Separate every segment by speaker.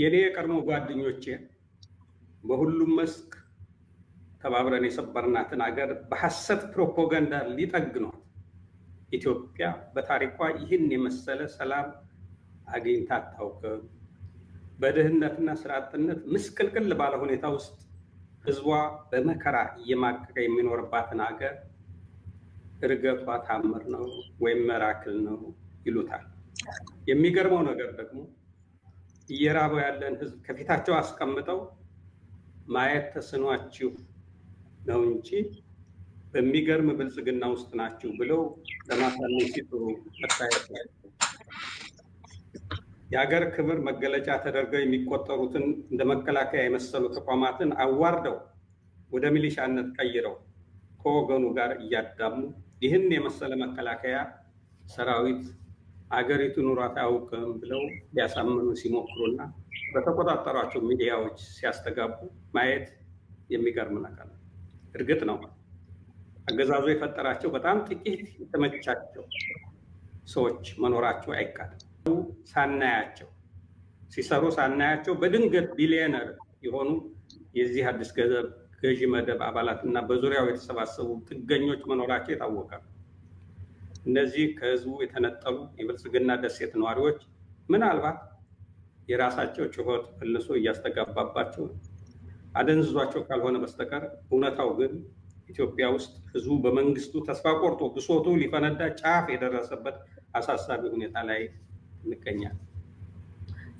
Speaker 1: የኔ የቀድሞ ጓደኞቼ በሁሉም መስክ ተባብረን የሰበርናትን አገር በሐሰት ፕሮፓጋንዳ ሊጠግኗት ኢትዮጵያ በታሪኳ ይህን የመሰለ ሰላም አግኝታ አታውቅም። በድህነትና ስራ አጥነት ምስቅልቅል ባለ ሁኔታ ውስጥ ህዝቧ በመከራ እየማቀቀ የሚኖርባትን አገር እርገቷ ታምር ነው ወይም መራክል ነው ይሉታል። የሚገርመው ነገር ደግሞ እየራበው ያለን ህዝብ ከፊታቸው አስቀምጠው ማየት ተስኗችሁ ነው እንጂ በሚገርም ብልጽግና ውስጥ ናችሁ ብለው ለማሳመን ሲጥሩ መታየት የሀገር ክብር መገለጫ ተደርገው የሚቆጠሩትን እንደ መከላከያ የመሰሉ ተቋማትን አዋርደው ወደ ሚሊሻነት ቀይረው ከወገኑ ጋር እያዳሙ ይህን የመሰለ መከላከያ ሰራዊት አገሪቱ ኑሯት አያውቅም ብለው ሊያሳምኑ ሲሞክሩና በተቆጣጠሯቸው ሚዲያዎች ሲያስተጋቡ ማየት የሚገርም ነገር ነው። እርግጥ ነው አገዛዙ የፈጠራቸው በጣም ጥቂት የተመቻቸው ሰዎች መኖራቸው አይካድም። ሳናያቸው ሲሰሩ ሳናያቸው በድንገት ቢሊዮነር የሆኑ የዚህ አዲስ ገንዘብ ገዢ መደብ አባላት እና በዙሪያው የተሰባሰቡ ጥገኞች መኖራቸው የታወቀ ነው። እነዚህ ከህዝቡ የተነጠሉ የብልጽግና ደሴት ነዋሪዎች ምናልባት የራሳቸው ጩኸት ፍልሶ እያስተጋባባቸው አደንዝዟቸው ካልሆነ በስተቀር እውነታው ግን ኢትዮጵያ ውስጥ ህዝቡ በመንግስቱ ተስፋ ቆርጦ ብሶቱ ሊፈነዳ ጫፍ የደረሰበት አሳሳቢ ሁኔታ ላይ እንገኛለን።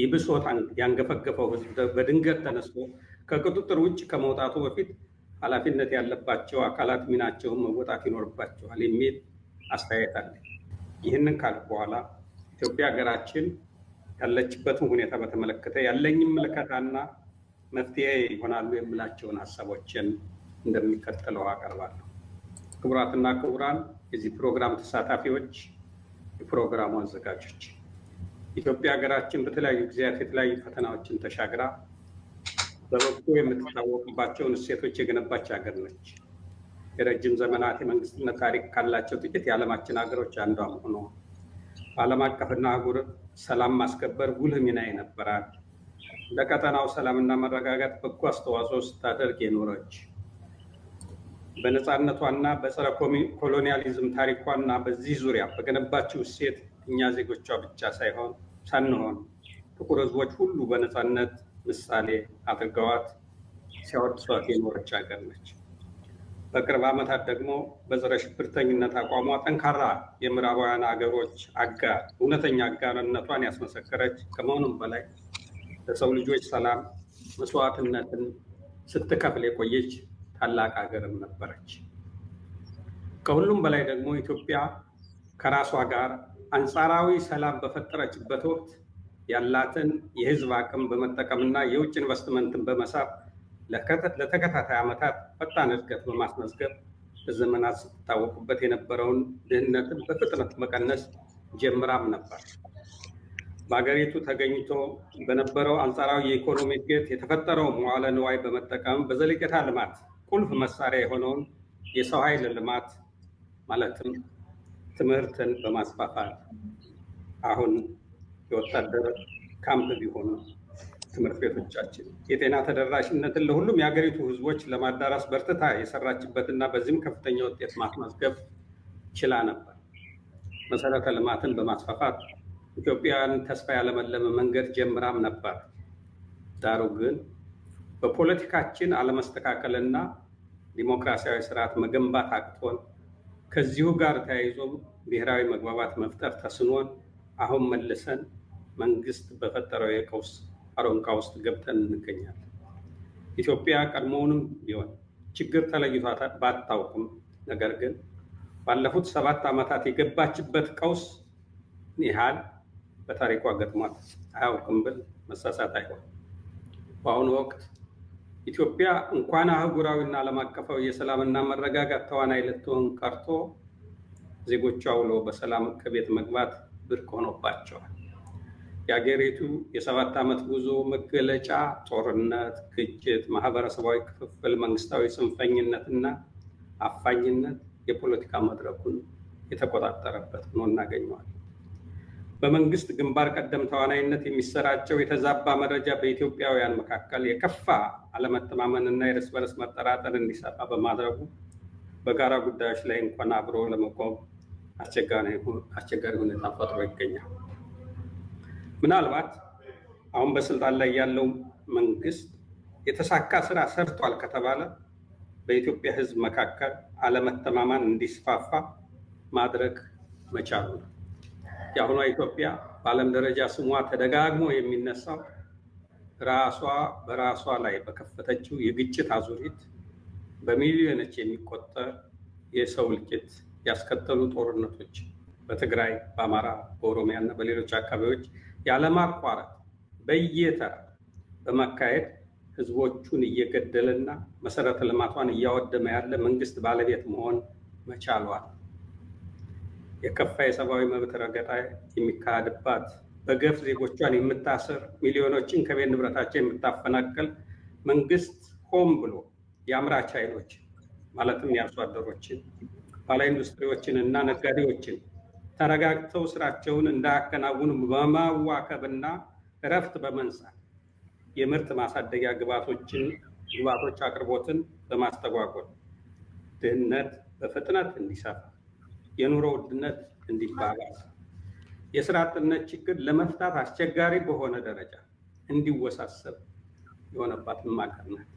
Speaker 1: ይህ ብሶት ያንገፈገፈው ህዝብ በድንገት ተነስቶ ከቁጥጥር ውጭ ከመውጣቱ በፊት ኃላፊነት ያለባቸው አካላት ሚናቸውን መወጣት ይኖርባቸዋል የሚል አስተያየት አለ። ይህንን ካልኩ በኋላ ኢትዮጵያ ሀገራችን ያለችበትን ሁኔታ በተመለከተ ያለኝን ምልከታና መፍትሄ ይሆናሉ የምላቸውን ሀሳቦችን እንደሚከተለው አቀርባለሁ። ክቡራትና ክቡራን፣ የዚህ ፕሮግራም ተሳታፊዎች፣ የፕሮግራሙ አዘጋጆች፣ ኢትዮጵያ ሀገራችን በተለያዩ ጊዜያት የተለያዩ ፈተናዎችን ተሻግራ በበጎ የምትታወቅባቸውን እሴቶች የገነባች ሀገር ነች። የረጅም ዘመናት የመንግስትነት ታሪክ ካላቸው ጥቂት የዓለማችን ሀገሮች አንዷ መሆኗ በዓለም አቀፍና አህጉር ሰላም ማስከበር ጉልህ ሚና ይነበራል። ለቀጠናው ሰላምና መረጋጋት በጎ አስተዋጽኦ ስታደርግ የኖረች በነፃነቷና በጸረ ኮሎኒያሊዝም ታሪኳና በዚህ ዙሪያ በገነባችው እሴት እኛ ዜጎቿ ብቻ ሳይሆን ሳንሆን ጥቁር ህዝቦች ሁሉ በነፃነት ምሳሌ አድርገዋት ሲያወድሷት የኖረች ሀገር ነች። በቅርብ ዓመታት ደግሞ በጸረ ሽብርተኝነት አቋሟ ጠንካራ የምዕራባውያን አገሮች አጋር እውነተኛ አጋርነቷን ያስመሰከረች ከመሆኑም በላይ ለሰው ልጆች ሰላም መስዋዕትነትን ስትከፍል የቆየች ታላቅ ሀገርም ነበረች። ከሁሉም በላይ ደግሞ ኢትዮጵያ ከራሷ ጋር አንጻራዊ ሰላም በፈጠረችበት ወቅት ያላትን የሕዝብ አቅም በመጠቀምና የውጭ ኢንቨስትመንትን በመሳብ ለተከታታይ ዓመታት ፈጣን እድገት በማስመዝገብ በዘመናት ስትታወቁበት የነበረውን ድህነትን በፍጥነት መቀነስ ጀምራም ነበር። በሀገሪቱ ተገኝቶ በነበረው አንጻራዊ የኢኮኖሚ እድገት የተፈጠረው መዋለ ንዋይ በመጠቀም በዘለቄታ ልማት ቁልፍ መሳሪያ የሆነውን የሰው ኃይል ልማት ማለትም ትምህርትን በማስፋፋት አሁን የወታደር ካምፕ ቢሆኑ ትምህርት ቤቶቻችን የጤና ተደራሽነትን ለሁሉም የሀገሪቱ ህዝቦች ለማዳረስ በርትታ የሰራችበትና በዚህም ከፍተኛ ውጤት ማስመዝገብ ችላ ነበር። መሰረተ ልማትን በማስፋፋት ኢትዮጵያን ተስፋ ያለመለመ መንገድ ጀምራም ነበር። ዳሩ ግን በፖለቲካችን አለመስተካከልና ዲሞክራሲያዊ ስርዓት መገንባት አቅቶን ከዚሁ ጋር ተያይዞም ብሔራዊ መግባባት መፍጠር ተስኖን አሁን መልሰን መንግስት በፈጠረው የቀውስ አሮንቃ ውስጥ ገብተን እንገኛለን። ኢትዮጵያ ቀድሞውንም ቢሆን ችግር ተለይቷ ባታውቅም፣ ነገር ግን ባለፉት ሰባት ዓመታት የገባችበት ቀውስ ያህል በታሪኳ ገጥሟት አያውቅም ብል መሳሳት አይሆን። በአሁኑ ወቅት ኢትዮጵያ እንኳን አህጉራዊና ዓለም አቀፋዊ የሰላምና መረጋጋት ተዋናይ ልትሆን ቀርቶ ዜጎቿ ውሎ በሰላም ከቤት መግባት ብርቅ ሆኖባቸዋል። የአገሪቱ የሰባት ዓመት ጉዞ መገለጫ ጦርነት፣ ግጭት፣ ማህበረሰባዊ ክፍፍል፣ መንግስታዊ ጽንፈኝነትና አፋኝነት የፖለቲካ መድረኩን የተቆጣጠረበት ሆኖ እናገኘዋለን። በመንግስት ግንባር ቀደም ተዋናይነት የሚሰራጨው የተዛባ መረጃ በኢትዮጵያውያን መካከል የከፋ አለመተማመንና የእርስ በርስ መጠራጠር እንዲሰራ በማድረጉ በጋራ ጉዳዮች ላይ እንኳን አብሮ ለመቆም አስቸጋሪ ሁኔታ ፈጥሮ ይገኛል። ምናልባት አሁን በስልጣን ላይ ያለው መንግስት የተሳካ ስራ ሰርቷል ከተባለ በኢትዮጵያ ህዝብ መካከል አለመተማማን እንዲስፋፋ ማድረግ መቻሉ ነው። የአሁኗ ኢትዮጵያ በዓለም ደረጃ ስሟ ተደጋግሞ የሚነሳው ራሷ በራሷ ላይ በከፈተችው የግጭት አዙሪት በሚሊዮኖች የሚቆጠር የሰው እልቂት ያስከተሉ ጦርነቶች በትግራይ፣ በአማራ፣ በኦሮሚያ እና በሌሎች አካባቢዎች ያለማቋረጥ በየተራ በመካሄድ ህዝቦቹን እየገደለና መሰረተ ልማቷን እያወደመ ያለ መንግስት ባለቤት መሆን መቻሏል። የከፋ የሰብአዊ መብት ረገጣ የሚካሄድባት በገፍ ዜጎቿን የምታስር ሚሊዮኖችን ከቤት ንብረታቸው የምታፈናቅል መንግስት ሆም ብሎ የአምራች ኃይሎችን ማለትም የአርሶ አደሮችን፣ ባለ ኢንዱስትሪዎችን እና ነጋዴዎችን ተረጋግተው ስራቸውን እንዳያከናውኑ በማዋከብና እረፍት በመንሳት የምርት ማሳደጊያ ግባቶችን ግባቶች አቅርቦትን በማስተጓጎል ድህነት በፍጥነት እንዲሰፋ፣ የኑሮ ውድነት እንዲባባስ፣ የስራ አጥነት ችግር ለመፍታት አስቸጋሪ በሆነ ደረጃ እንዲወሳሰብ የሆነባት ሀገር ናት።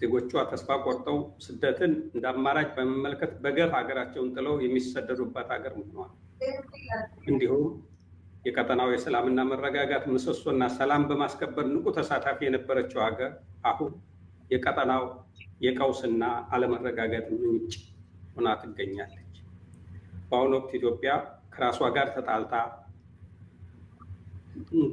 Speaker 1: ዜጎቿ ተስፋ ቆርጠው ስደትን እንደ አማራጭ በመመልከት በገፍ ሀገራቸውን ጥለው የሚሰደዱባት ሀገር ሆነዋል። እንዲሁም የቀጠናው የሰላምና መረጋጋት ምሰሶና ሰላም በማስከበር ንቁ ተሳታፊ የነበረችው ሀገር አሁን የቀጠናው የቀውስና አለመረጋጋት ምንጭ ሆና ትገኛለች። በአሁኑ ወቅት ኢትዮጵያ ከራሷ ጋር ተጣልታ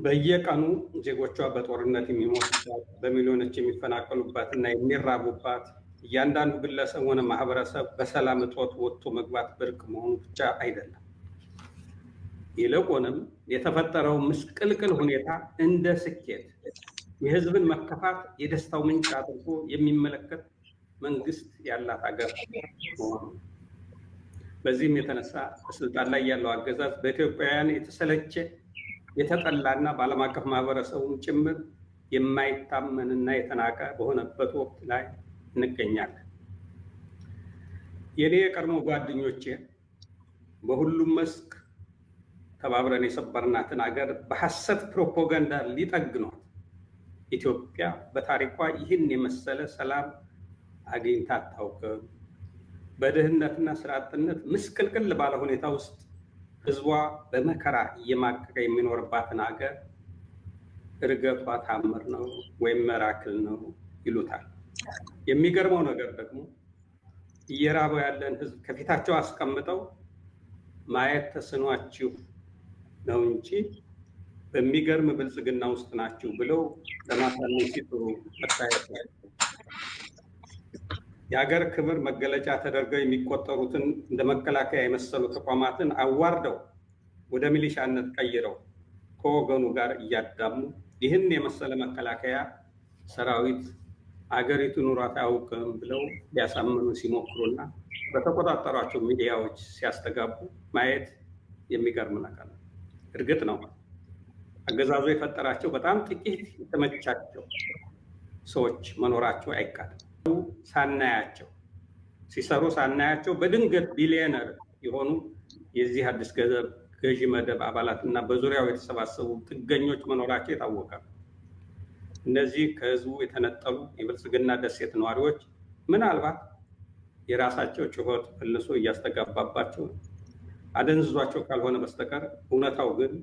Speaker 1: በየቀኑ ዜጎቿ በጦርነት የሚሞቱባት በሚሊዮኖች የሚፈናቀሉባት እና የሚራቡባት እያንዳንዱ ግለሰብ ሆነ ማህበረሰብ በሰላም እጦት ወጥቶ መግባት ብርቅ መሆኑ ብቻ አይደለም። ይልቁንም የተፈጠረው ምስቅልቅል ሁኔታ እንደ ስኬት የህዝብን መከፋት የደስታው ምንጭ አድርጎ የሚመለከት መንግስት ያላት ሀገር በዚህም የተነሳ በስልጣን ላይ ያለው አገዛዝ በኢትዮጵያውያን የተሰለቸ የተጠላና በዓለም አቀፍ ማህበረሰቡም ጭምር የማይታመንና የተናቀ በሆነበት ወቅት ላይ እንገኛለን። የኔ የቀድሞ ጓደኞቼ በሁሉም መስክ ተባብረን የሰበርናትን ሀገር በሐሰት ፕሮፓጋንዳ ሊጠግኗት ኢትዮጵያ በታሪኳ ይህን የመሰለ ሰላም አግኝታ አታውቅም። በድህነትና ስራ አጥነት ምስቅልቅል ባለ ሁኔታ ውስጥ ህዝቧ በመከራ እየማቀቀ የሚኖርባትን ሀገር እርገቷ ታምር ነው ወይም መራክል ነው ይሉታል። የሚገርመው ነገር ደግሞ እየራበው ያለን ህዝብ ከፊታቸው አስቀምጠው ማየት ተስኗችሁ ነው እንጂ በሚገርም ብልጽግና ውስጥ ናችሁ ብለው ለማሳመን ሲጥሩ መታየት የሀገር ክብር መገለጫ ተደርገው የሚቆጠሩትን እንደ መከላከያ የመሰሉ ተቋማትን አዋርደው ወደ ሚሊሻነት ቀይረው ከወገኑ ጋር እያዳሙ ይህን የመሰለ መከላከያ ሰራዊት አገሪቱ ኑሯት አያውቅም ብለው ሊያሳምኑ ሲሞክሩና በተቆጣጠሯቸው ሚዲያዎች ሲያስተጋቡ ማየት የሚገርም ነገር ነው። እርግጥ ነው አገዛዙ የፈጠራቸው በጣም ጥቂት የተመቻቸው ሰዎች መኖራቸው አይካድም። ሳናያቸው ሲሰሩ ሳናያቸው በድንገት ቢሊዮነር የሆኑ የዚህ አዲስ ገንዘብ ገዢ መደብ አባላት እና በዙሪያው የተሰባሰቡ ጥገኞች መኖራቸው ይታወቃል። እነዚህ ከህዝቡ የተነጠሉ የብልጽግና ደሴት ነዋሪዎች ምናልባት የራሳቸው ጩኸት ፍልሶ እያስተጋባባቸው ነው። አደንዝዟቸው ካልሆነ በስተቀር እውነታው ግን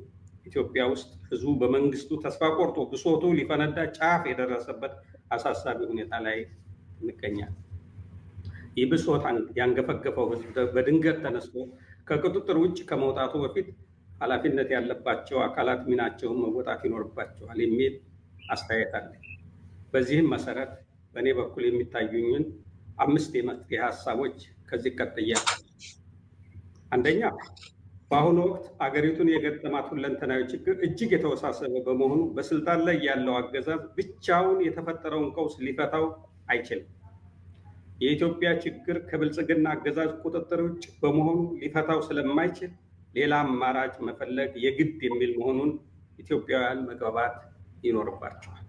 Speaker 1: ኢትዮጵያ ውስጥ ህዝቡ በመንግስቱ ተስፋ ቆርጦ ብሶቱ ሊፈነዳ ጫፍ የደረሰበት አሳሳቢ ሁኔታ ላይ እንገኛል። ይህ ብሶት ያንገፈገፈው ህዝብ በድንገት ተነስቶ ከቁጥጥር ውጭ ከመውጣቱ በፊት ኃላፊነት ያለባቸው አካላት ሚናቸውን መወጣት ይኖርባቸዋል የሚል አስተያየት አለ። በዚህም መሰረት በእኔ በኩል የሚታዩኝን አምስት የመፍትሄ ሀሳቦች ከዚህ ቀጥያ አንደኛ በአሁኑ ወቅት አገሪቱን የገጠማት ሁለንተናዊ ችግር እጅግ የተወሳሰበ በመሆኑ በስልጣን ላይ ያለው አገዛዝ ብቻውን የተፈጠረውን ቀውስ ሊፈታው አይችልም። የኢትዮጵያ ችግር ከብልጽግና አገዛዝ ቁጥጥር ውጭ በመሆኑ ሊፈታው ስለማይችል ሌላ አማራጭ መፈለግ የግድ የሚል መሆኑን ኢትዮጵያውያን መግባባት ይኖርባቸዋል።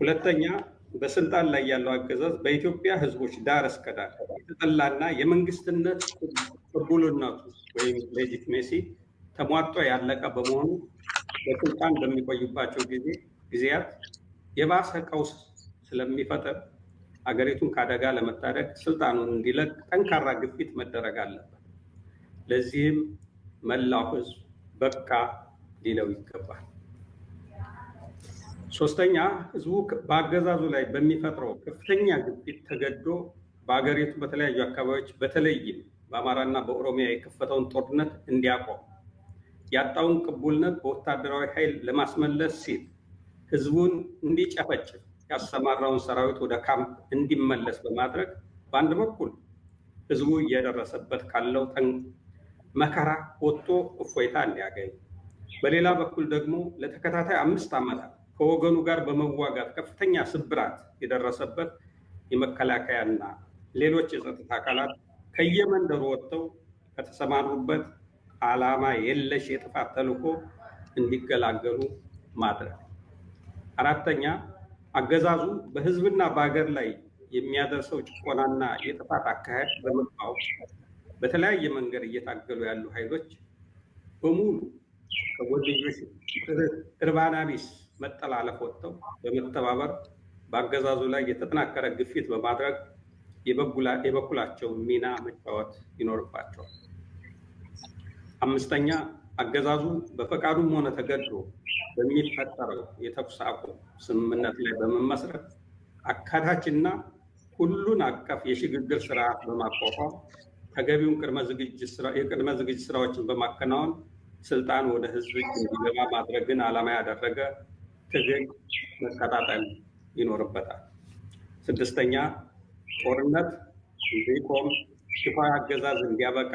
Speaker 1: ሁለተኛ በስልጣን ላይ ያለው አገዛዝ በኢትዮጵያ ሕዝቦች ዳር እስከ ዳር የተጠላና የመንግስትነት ቅቡልነቱ ወይም ሌጂትሜሲ ተሟጦ ያለቀ በመሆኑ በስልጣን በሚቆይባቸው ጊዜ ጊዜያት የባሰ ቀውስ ስለሚፈጥር አገሪቱን ከአደጋ ለመታደግ ስልጣኑን እንዲለቅ ጠንካራ ግፊት መደረግ አለበት። ለዚህም መላው ህዝብ በቃ ሊለው ይገባል። ሶስተኛ፣ ህዝቡ በአገዛዙ ላይ በሚፈጥረው ከፍተኛ ግፊት ተገዶ በአገሪቱ በተለያዩ አካባቢዎች በተለይም በአማራና በኦሮሚያ የከፈተውን ጦርነት እንዲያቆም ያጣውን ቅቡልነት በወታደራዊ ኃይል ለማስመለስ ሲል ህዝቡን እንዲጨፈጭፍ ያሰማራውን ሰራዊት ወደ ካምፕ እንዲመለስ በማድረግ በአንድ በኩል ህዝቡ እየደረሰበት ካለው መከራ ወጥቶ እፎይታ እንዲያገኝ፣ በሌላ በኩል ደግሞ ለተከታታይ አምስት ዓመታት ከወገኑ ጋር በመዋጋት ከፍተኛ ስብራት የደረሰበት የመከላከያና ሌሎች የጸጥታ አካላት ከየመንደሩ ወጥተው ከተሰማሩበት ዓላማ የለሽ የጥፋት ተልዕኮ እንዲገላገሉ ማድረግ። አራተኛ አገዛዙ በህዝብና በሀገር ላይ የሚያደርሰው ጭቆናና የጥፋት አካሄድ በመቃወም በተለያየ መንገድ እየታገሉ ያሉ ኃይሎች በሙሉ ከጎንዮሽ እርባና ቢስ መጠላለፍ ወጥተው በመተባበር በአገዛዙ ላይ የተጠናከረ ግፊት በማድረግ የበኩላቸውን ሚና መጫወት ይኖርባቸዋል። አምስተኛ አገዛዙ በፈቃዱም ሆነ ተገዶ በሚፈጠረው የተኩስ አቁም ስምምነት ላይ በመመስረት አካታችና ሁሉን አቀፍ የሽግግር ስርዓት በማቋቋም ተገቢውን የቅድመ ዝግጅት ስራዎችን በማከናወን ስልጣን ወደ ህዝብ እንዲገባ ማድረግን ዓላማ ያደረገ ትግል መቀጣጠል ይኖርበታል። ስድስተኛ ጦርነት እንዲቆም፣ ሽፋ አገዛዝ እንዲያበቃ፣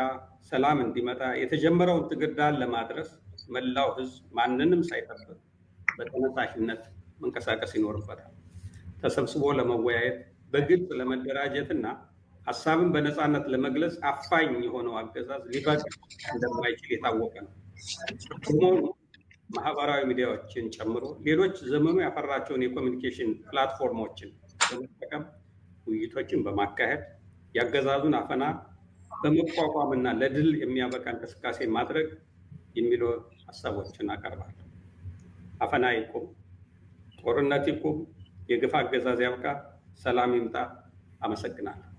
Speaker 1: ሰላም እንዲመጣ የተጀመረውን ትግርዳን ለማድረስ መላው ህዝብ ማንንም ሳይጠብቅ በተነሳሽነት መንቀሳቀስ ይኖርበታል። ተሰብስቦ ለመወያየት በግልጽ ለመደራጀት ሀሳብን በነፃነት ለመግለጽ አፋኝ የሆነው አገዛዝ ሊበቃ እንደማይችል የታወቀ ነው። በመሆኑ ማህበራዊ ሚዲያዎችን ጨምሮ ሌሎች ዘመኑ ያፈራቸውን የኮሚኒኬሽን ፕላትፎርሞችን በመጠቀም ውይይቶችን በማካሄድ ያገዛዙን አፈና በመቋቋም እና ለድል የሚያበቃ እንቅስቃሴ ማድረግ የሚሉ ሀሳቦችን አቀርባለሁ። አፈና ይቁም፣ ጦርነት ይቁም፣ የግፍ አገዛዝ ያብቃ፣ ሰላም ይምጣ። አመሰግናለሁ።